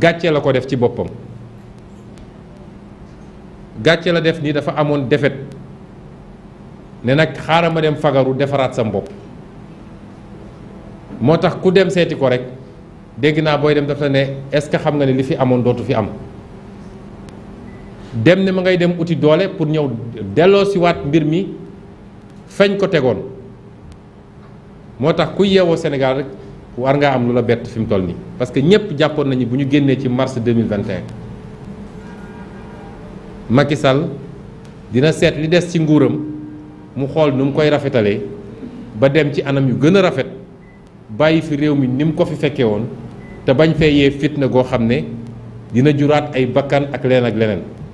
gàccee la ko def ci boppam gàccee la def nii dafa amoon defet ne nag xaaral ma dem fagaru defaraat sam bopp moo tax ku dem seeti ko rek dégg naa booy dem dafa ne est-ce que xam nga ne li fi amoon dootu fi am dem ne ma ngay dem uti doole pour ñëw delloo delloosiwaat mbir mi fañ ko tegoon moo tax ku yeewoo Sénégal rek war ngaa am lu la bett fi mu toll nii parce que ñëpp jàppoon nañu bu ñu génnee ci mars 2021 Macky Sall dina seet li des ci nguuram mu xool nu mu koy rafetalee ba dem ci anam yu gën a rafet bàyyi fi réew mi ni mu ko fi fekkee woon te bañ fee yee fitna goo xam ne dina juraat ay bakkan ak leen ak leneen